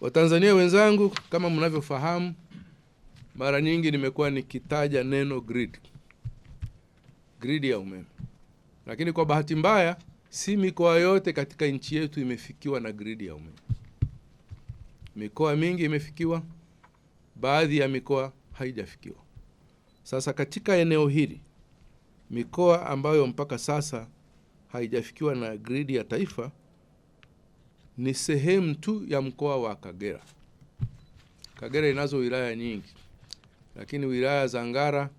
Watanzania wenzangu, kama mnavyofahamu, mara nyingi nimekuwa nikitaja neno grid, grid ya umeme, lakini kwa bahati mbaya si mikoa yote katika nchi yetu imefikiwa na grid ya umeme. Mikoa mingi imefikiwa, baadhi ya mikoa haijafikiwa. Sasa katika eneo hili, mikoa ambayo mpaka sasa haijafikiwa na gridi ya taifa ni sehemu tu ya mkoa wa Kagera. Kagera inazo wilaya nyingi, lakini wilaya za Ngara,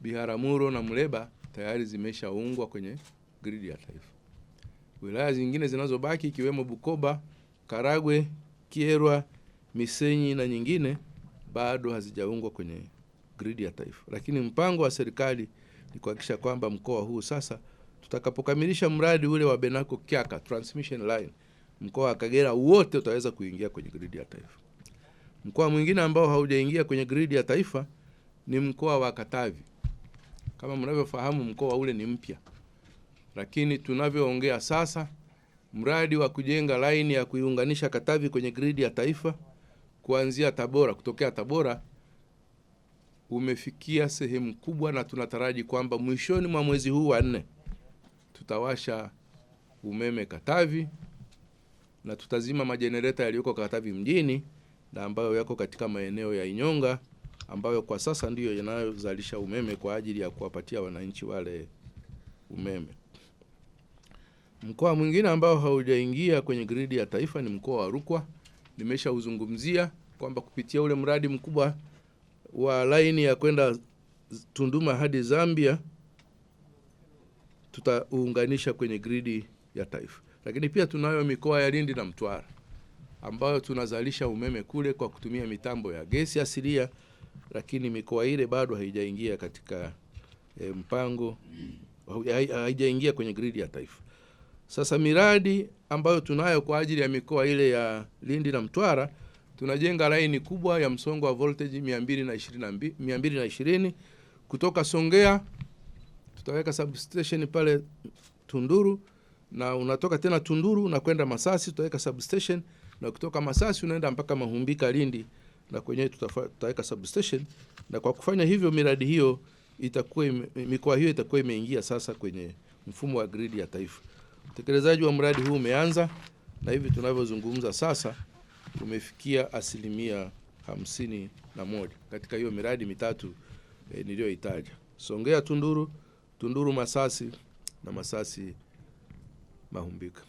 Biharamulo na Muleba tayari zimeshaungwa kwenye gridi ya taifa. Wilaya zingine zinazobaki ikiwemo Bukoba, Karagwe, Kierwa, Misenyi na nyingine bado hazijaungwa kwenye gridi ya taifa, lakini mpango wa serikali ni kuhakikisha kwamba mkoa huu sasa tutakapokamilisha mradi ule wa Benako Kyaka transmission line mkoa wa Kagera wote utaweza kuingia kwenye gridi ya taifa. Mkoa mwingine ambao haujaingia kwenye gridi ya taifa ni mkoa wa Katavi. Kama mnavyofahamu, mkoa ule ni mpya, lakini tunavyoongea sasa, mradi wa kujenga laini ya kuiunganisha Katavi kwenye gridi ya taifa kuanzia Tabora, kutokea Tabora umefikia sehemu kubwa, na tunataraji kwamba mwishoni mwa mwezi huu wa nne tutawasha umeme Katavi na tutazima majenereta yaliyoko Katavi mjini na ambayo yako katika maeneo ya Inyonga ambayo kwa sasa ndiyo yanayozalisha umeme kwa ajili ya kuwapatia wananchi wale umeme. Mkoa mwingine ambao haujaingia kwenye gridi ya taifa ni mkoa wa Rukwa. Nimeshauzungumzia kwamba kupitia ule mradi mkubwa wa laini ya kwenda Tunduma hadi Zambia tutaunganisha kwenye gridi ya taifa lakini pia tunayo mikoa ya Lindi na Mtwara ambayo tunazalisha umeme kule kwa kutumia mitambo ya gesi asilia, lakini mikoa ile bado haijaingia katika e, mpango haijaingia kwenye gridi ya taifa. Sasa miradi ambayo tunayo kwa ajili ya mikoa ile ya Lindi na Mtwara, tunajenga laini kubwa ya msongo wa voltage 220 220 kutoka Songea, tutaweka substation pale Tunduru na unatoka tena Tunduru na kwenda Masasi, tutaweka substation na kutoka Masasi unaenda mpaka Mahumbika Lindi, na kwenyewe tutaweka substation. Na kwa kufanya hivyo miradi hiyo itakuwa mikoa hiyo itakuwa imeingia sasa kwenye mfumo wa gridi ya taifa. Utekelezaji wa mradi huu umeanza na hivi tunavyozungumza sasa umefikia asilimia hamsini na moja katika hiyo miradi mitatu eh, niliyoitaja: Songea Tunduru, Tunduru Masasi na Masasi bahumbika